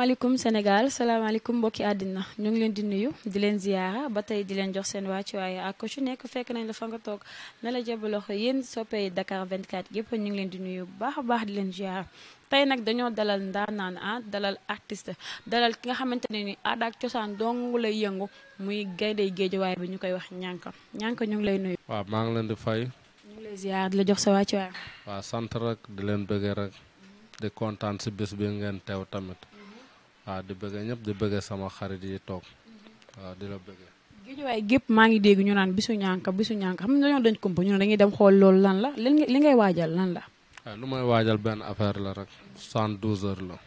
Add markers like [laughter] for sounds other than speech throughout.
salaamaaleykum Sénégal salaamaaleykum mbokki àddina ñu ngi leen di nuyu di leen ziyaara ba tey di leen jox seen wàccuwaay ak su nekk fekk nañ la fa nga toog ne la jabaloxo yéen soppee Dakar 24 yëpp ñu ngi leen di nuyu bu baax baax di leen ziyaara tey nag dañoo dalal ndaanaan ah dalal artiste dalal ki nga xamante ne ni aada ak cosaan dong lay yëngu muy gayndey géejawaay bi ñu koy wax ñànka ñànka ñu ngi lay nuyu. waaw maa ngi leen di fay. ñu di la jox sa wàccuwaay. waaw waa rek di leen bëggee rek. di kontaan si bés bi ngeen teew tamit. waaw ah, di bëgg ñëpp di bëgg sama xarit yi toog waaw mm-hmm. ah, di la bëgg. géejuwaay gépp maa ngi dégg ñu naan bisu ñànka bisu ñànka xam nga dañoo dañ kumpa ñu ne dañuy dem xool loolu lan la li li ngay waajal lan la. waaw eh, lu may waajal benn affaire la rek 72 heures la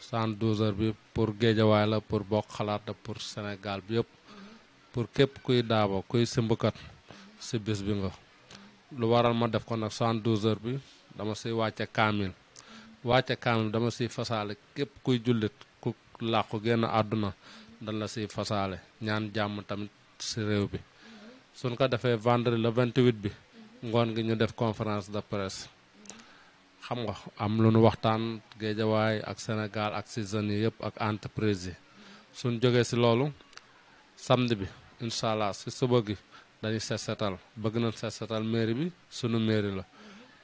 72 heures bi pour géejawaay la pour bokk xalaat la pour Sénégal bi yëpp mm-hmm. pour képp kuy daaba kuy simbukat si bis bi nga lu waral ma def ko nag 72 heures bi dama siy wàcce kaamil. wàcce kan, dama si fasaale képp kuy jullit ku làqu génn àdduna la si fasaale ñaan jàmm tamit si réew bi suñ ko defee vendredi le 28 bi ngoon gi ñu def conférence de presse xam nga am lu nu waxtaan géejawaay ak Sénégal ak si jeunes yi yëpp ak entreprise yi suñ jógee si loolu samedi bi incha allah si suba gi dañuy set bëgg bi sunu mairie la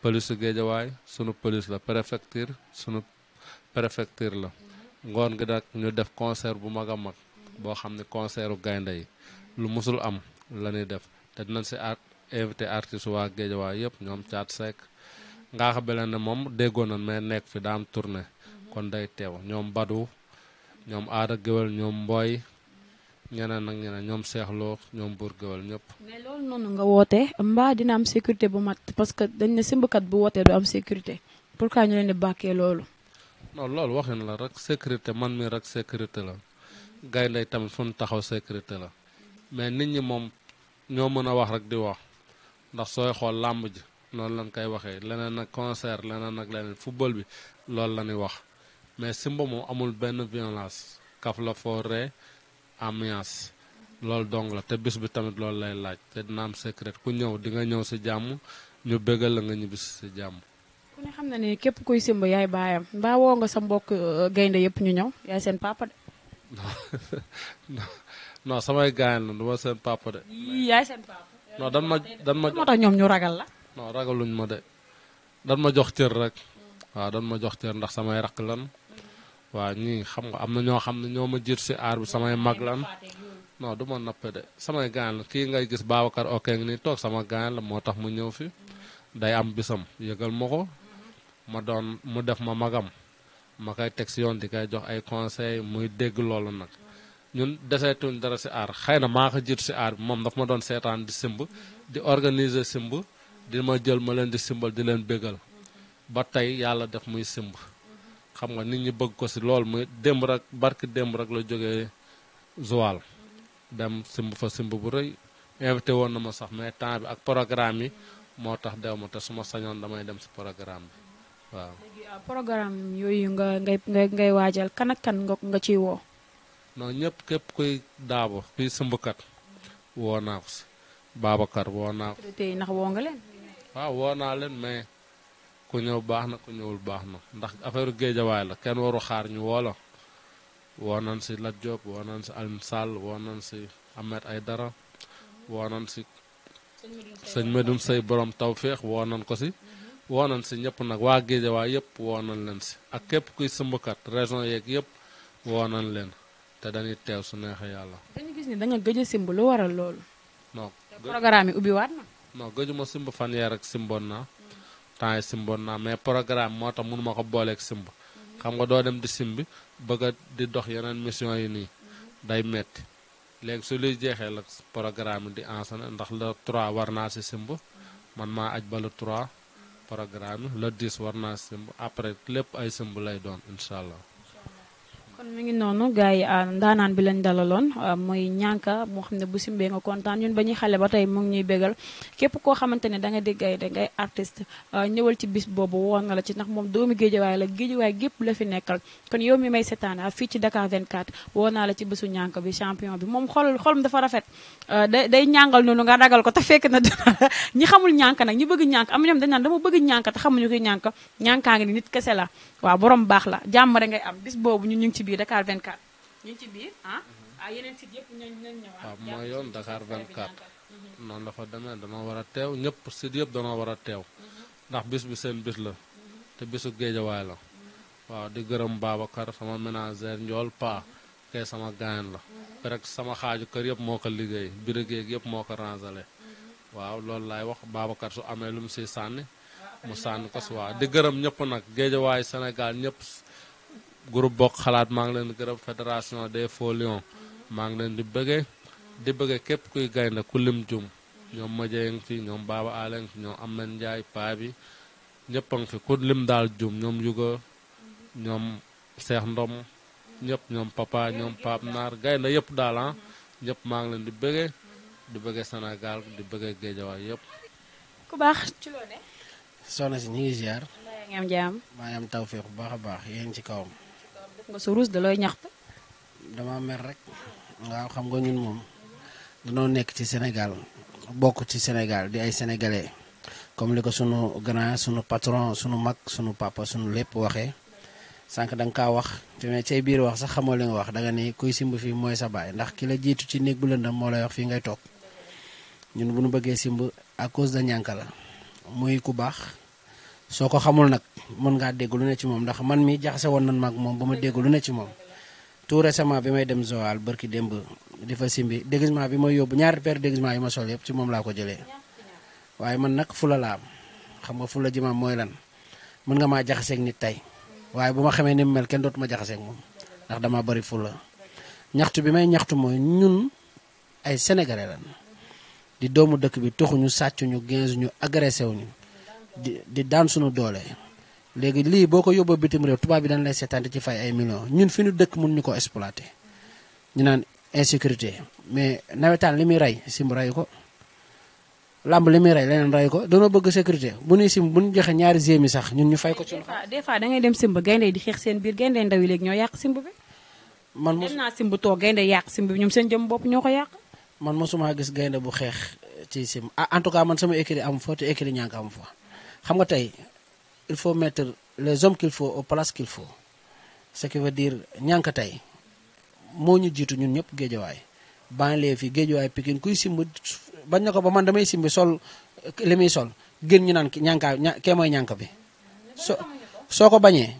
polisu Géejawaay sunu police la préfecture sunu préfecture la ngoon gi nag ñu def concert bu mag a mag boo xam ne concertu gaynde yi lu musul am la ñuy def te dina si art invité artiste waa Géejawaay yëpp ñoom caat Seck ngaa xam ne moom déggoon na mais nekk fi daam tournée kon day teew ñoom Badou ñoom Aada Géwél ñoom mbooy ñeneen nag ñeneen ñoom Cheikh Lo ñoom Bour Gueweul ñëpp. mais loolu noonu nga wootee mbaa dina am sécurité bu mat parce que dañ ne simbkat bu wootee du am sécurité pourquoi ñu leen di bàkkee loolu. non loolu waxin la rek sécurité man mi rek sécurité la gay lay tamit taxaw sécurité la mais nit ñi moom ñoo mën a wax rek di wax ndax sooy xool làmb noonu lañ koy waxee leneen ak concert leneen ak leneen football bi loolu la ñuy wax mais simba moom amul benn violence kaf la foo ree ambiance loolu dong la te bis bi tamit loolu lay laaj te dina am secret ku ñëw di nga ñëw si jàmm ñu bégal la nga ñibbis si jàmm. ku ne xam na ni képp koy simb yaay baayam mbaa woo nga sa mbokk euh, gaynde yëpp ñu ñëw yaay seen papa de. non [laughs] samay gaañ la du ma seen papa de. yaay dan ma dan ma moo ragal la. non ragaluñ ma de ma jox cër rek. Mm. waaw dan ma jox cër ndax samay raq lan. waa ñi xam nga amna ño ñoo xam ma jër si aar bi samay mag lan non duma ma nappe de gaan ki ngay gis babakar Oké ngi tok sama gaan la moo mu ñëw fi day am bisam yëgal mako ma doon mu def ma magam ma koy teg yoon di kay jox ay conseil muy dégg loolu nak ñun deseetuñ dara ci ar, xeyna ma maa ko jër si ar mom moom daf ma doon di simbu di organiser simbu di ma jël ma leen di simbal di leen bégal ba tay yalla def muy simbu xam nga nit ñi bëgg ko si lool muy démb rek barke démb rek la jógee Joal dem simb fa simb bu rëy invité woon na ma sax mais temps bi ak programme yi moo tax dew ma te suma sañoon damay dem si programme bi waaw. léegi ah, programme yooyu nga ngay ngay waajal kan kan nga nga ciy woo. non ñëpp képp kuy daabo kuy sëmbkat woo naa si Babacar woo naa ko. yi ndax woo nga leen. waaw ah, woo naa leen ku ñëw baax na ku ñëwul baax na ndax affaire géejawaay la kenn waru xaar ñu woola woo nañ si Lat Diop si Alioune Sall woo nañ si Ahmed Aïdara woo nañ si sëñ Medoum Sey borom tawféex woo nañ ko si woo nañ si ñëpp nag waa géejawaay yëpp woo nañ leen si ak képp kuy sëmbkat région yeeg yëpp woo nañ leen te dañuy teew su neexee yàlla. dañu gis ni da nga simb lu waral loolu. non programme na. simb fan yee rek simboon temps yi simboon naa mais programme moo tax mënuma ko booleeg simb xam nga doo dem di simbi bëgg di dox yeneen mission yi nii day metti léegi su luy jeexee la programme di ensena ndax le 3 war naa si simb man ma aj ba le 3 programme le 10 war naa si simb après lépp ay simb lay doon incha allah kon mi ngi noonu gars yi euh, ndaanaan bi lañ dalaloon euh, muy ñànka moo xam ne bu simbee nga kontaan ñun ba ñuy xale ba tey mu ngi ñuy bégal képp koo xamante ne da nga di gay da ngay artiste euh, ñëwal ci bis boobu woon na la ci ndax moom doomu géejawaay la géejawaay gépp la fi nekkal kon yow mi may seetaan fii ci Dakar 24 woo naa la ci bésu ñànka bi champion bi moom xol xolum dafa rafet day day ñàngal noonu nga ragal ko te fekk na [laughs] ñi xamul ñànka nag ñi bëgg ñànka am ñoom dañ naan dama bëgg ñànka te xamuñu ko ñànka ñànkaa ngi ni nit kese la waaw borom baax la jàmm rek ngay biir Dakar 24. ñu ah. Mhm. Ah, waaw mooy yoon Dakar 24. Mhm. noonu dafa demee danoo war a teew ñëpp sites yëpp danoo war a teew. Mhm. ndax bis bi seen bis la. te bisu géejawaay la. waaw di gërëm Babacar sama ménagère njool paa kay sama gaayan la. rek sama xaaju kër yëpp moo ko liggéey birig yëpp moo ko rangele waaw loolu laay wax Babacar su amee lu mu siy sànni. mu sànni ko si waaw di gërëm ñëpp nag géejawaay senegal ñëpp. group bokk xalaat maa ngi leen di gërëm fédération des faux maa ngi leen di bëggee di bëggee képp kuy gaynde ku lim jum ñoom Madiaye ngi ñoom Baba Aleng fi ñoom Amna Ndiaye paa bi ñëpp a ngi fi ku lim daal jum ñoom Yuga ñoom Seex Ndom ñëpp ñoom papa ñoom Pape Naar gaynde yëpp daal ah ñëpp maa ngi leen di bëggee di bëggee Sénégal di bëggee Géejawaay yëpp. ku baax ci si ñu ngi maa ngi taw feex bu baax a baax yéen ci kawam. nga sa ruus da looy ñaxtu. dama mer rek waaw xam nga ñun moom danoo nekk ci Sénégal bokk ci Sénégal di ay sénégalais comme li ko sunu grand sunu patron sunu mag sunu papa sunu lépp waxee sànq da nga wax te mais cay biir wax sax xamoo li nga wax da nga ni kuy simb fii mooy sa baay ndax kila jiitu ci néeg bu lëndam moo lay wax fii ngay toog ñun bu nu bëggee simb à cause de ñànk la muy ku baax. soo ko xamul nag mën ngaa dégg lu ne ci moom ndax man mi jaxase woon nan maag moom ba ma dégg lu ne ci moom tout récemment bi may dem Joal bërki démb di fa simbi déguisement bi may yóbbu ñaari paire déguisement yi ma sol yëpp ci moom laa ko jëlee waaye man nag fula la am xam nga fula ji maam mooy lan mën nga maa jaxaseeg nit tey waaye bu ma xamee ni mu mel kenn dootuma jaxaseeg moom ndax dama bëri fula ñaxtu bi may ñaxtu mooy ñun ay sénégalais lan di doomu dëkk bi toxuñu sàccuñu genzuñu agressé wuñu di di daan suñu doole léegi lii boo ko yóbboo bitim réew tubaab bi dañ lay seetaan ci fay ay millions ñun fi ñu dëkk mun ñu ko exploité ñu naan insécurité mais nawetaan li muy rey simb rey ko làmb li muy rey leneen rey ko danoo bëgg sécurité bu ñuy simb bu ñu joxe ñaari gémi sax ñun ñu fay ko. ci des fois des fois da ngay dem simb gaynde di xeex seen biir gaynde ndaw yi léegi ñoo yàq simb bi. man mos dem naa simb toog gaynde yàq simb bi ñoom seen jëm bopp ñoo ko yàq. man mosuma gis gaynde bu xeex ci simb ah, en tout cas man sama écrit am fa te écrit am fa. xam nga tey il faut mettre les hommes qu'il faut au place qu'il faut ce qui veut dire ñànk tey moo ñu jiitu ñun ñëpp géejawaay banlieue fi géejawaay pikin kuy simb bañ na ko ba man damay simb sol li muy sol gën ñu naan ñànkaa kee mooy ñànk bi so soo ko bañee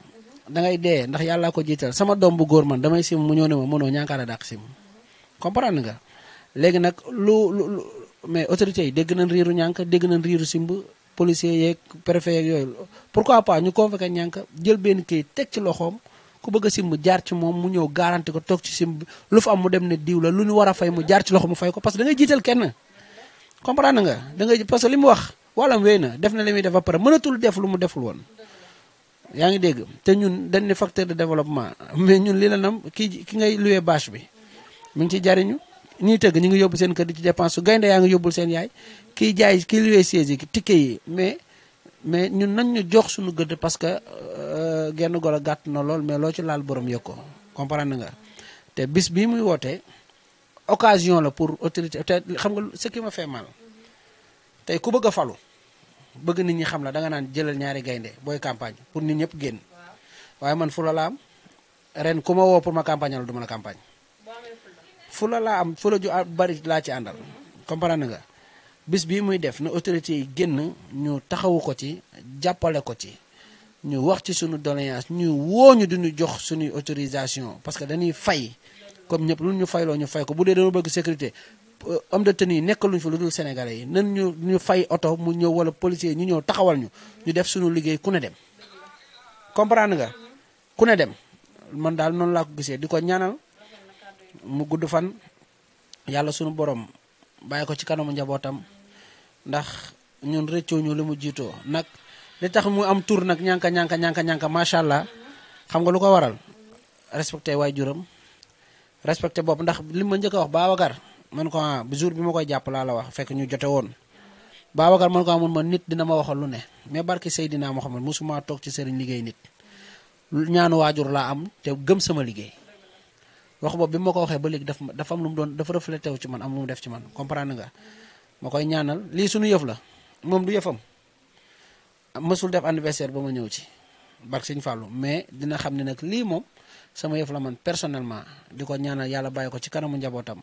da ngay dee ndax yàlla ko jiital sama doom bu góor man damay simb mu ñëw ne ma mënoo ñànkaara dàq simb comprendre nga léegi nag lu lu mais autorité yi dégg nañ riiru ñànk dégg nañ riiru simb policiers yek préfet yek yooyu pourquoi pas ñu convoqué ñànk jël benn kayit teg ci loxoom ku bëgg sim mu jaar ci moom mu ñëw garanti ko toog ci simb lu fa am mu dem ne diw la lu ñu wara a fay mu jaar ci loxo mu fay ko parce que da ngay jiital kenn comprendre nga da ngay parce que li mu wax wàllam wéy na def na li muy def ba pare mënatul def lu mu deful woon yaa ngi dégg te ñun dañ ne facteur de développement mais ñun li la nam ki ki ngay loué bâche bi mi ngi ci jariñu ñuy tëgg ñu ngi yóbbu seen kër di ci dépense su gaynde yaa ngi yóbbul seen yaay kiy jaay kiy luwee siège yi ticket yi mais mais ñun nañ ñu jox suñu gëdd parce que euh, genn golo gàtt na lool mais loo ci laal borom yëg ko comprendre nga te bis bii muy wootee occasion la pour autorité te xam nga ce qui m'a fait mal tey ku bëgg a falu bëgg nit ñi xam la danga naan jëlal ñaari gaynde booy campagne pour nit ñëpp génn waaye man fu la la am ren ku ma woo pour ma campagne la du ma la campagne fu la laa am fu la ju bari laa ci àndal comprendre nga bis bii muy def na autorités yi génn ñu taxawu ko ci jàppale ko ci ñu wax ci sunu doléance ñu woo ñu duñu jox suñuy autorisation parce que dañuy fay comme ñëpp lu ñu fayloo ñu fay ko bu dee dañoo bëgg sécurité euh, homme de tenue yi nekkaluñ fa lu dul sénégalais yi nan ñu ñu fay oto mu ñëw wala policier ñu ñëw taxawal ñu ñu def suñu liggéey ku ne dem comprendre nga ku dem man daal noonu laa ko gisee di ko ñaanal mu gudd fan yàlla sunu borom baye ko ci kanam njabotam ndax ñun reccu ñu limu jiitoo nak li tax mu am tur nag ñanka ñanka ñanka ñànka macha allah xam nga lu ko waral respecté juram respecté bop ndax limu ñëk njëkk a wax man ko ah jour bi ma koy jàpp laa la wax fekk ñu jote woon Babacar man ko amul ah, ma nit dina ma waxal lu ne mais barki sayidina muhammad musuma tok ci sëriñ nit ñaanu wajur la am te gëm sama wax boobu bi ma ko waxe ba leg dafa dafa am lu mu doon dafa wu ci man am lu def ci man comprendre nga ma koy ñaanal li suñu yef la mom du yëfam mesul def anniversaire ba ma ci barke seigne fallu mais dina xam ne nag lii sama yef la man personnellement diko ñaanal yalla bayiko ci kanamu njabotam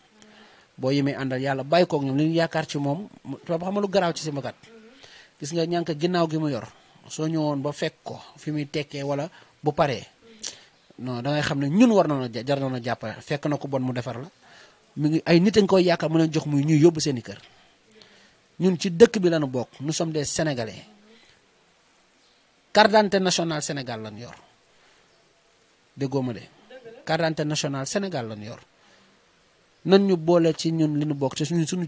bo yeme andal yalla bayiko ak ñom li ñu yaakaar ci moom tubaab xam lu graw ci sama kat gis nga ñank gi mu yor so ñewon ba fekk ko fi mi tekke wala bu paree non da ngay xam ne ñun war nañoo jar nañoo jàppale fekk na ko bon mu defar la mu ngi ay nit a ngi koy yaakaar mu leen jox muy ñuy yóbbu seeni i kër ñun ci dëkk bi lañu bokk nous sommes des sénégalais carte national nationale Sénégal lañ yor déggoo ma de carte nan ñu boole ci ñun li ñu bokk ci suñu suñu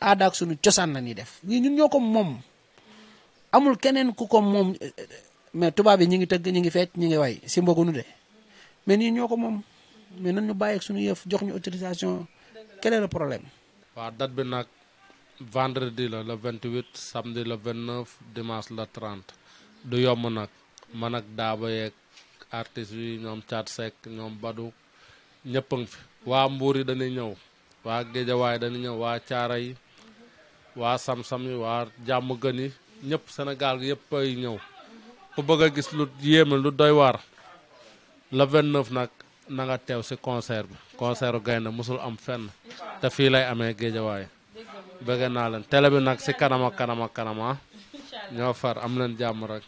aada ak suñu cosaan la ñuy def. lii ñun ñoo ko moom amul keneen ku ko moom eh, eh, mais tubaab yi ñu ngi tëgg ñu ngi fecc ñu ngi way si mbogu nu de. mais nii ñoo ko moom mais na ñu bàyyi ak suñu yëf jox ñu autorisation keneen est problème. waa date bi nag vendredi la le 28 samedi le 29 dimanche le 30 du yomb nag man ak Daaba yeeg artistes yi ñoom Thiat Seck ñoom Badou ñëpp fi. waa Mbour yi dañuy ñëw waa Géejawaay dañuy ñëw waa Caara yi waa Sam-Sam yi waa jàmm gën yi ñëpp senegal yëpp ay ñëw ku bëgg a gis lu yéeme lu doy waar. le 29 nak na nga tew si concert bi concert gayna musul am fenn te fi lay amee way bëgg na lan télé bi nak si kanama kanama kanama ah. ño far am lan jamm rek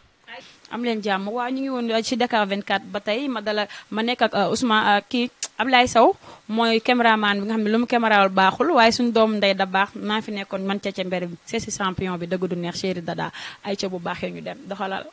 am leen jamm wa ñu ngi won euh, ci Dakar 24 ba tay ma dala ma nekk ak euh, Ousmane euh, ki Ablaye Sow moy cameraman bi nga xamni ne lu mu ndey da bax maa fi nekkon man ci mbere bi c'est champion bi deug du neex chéri dada ay ci bu baxé ya ñu dem doxalal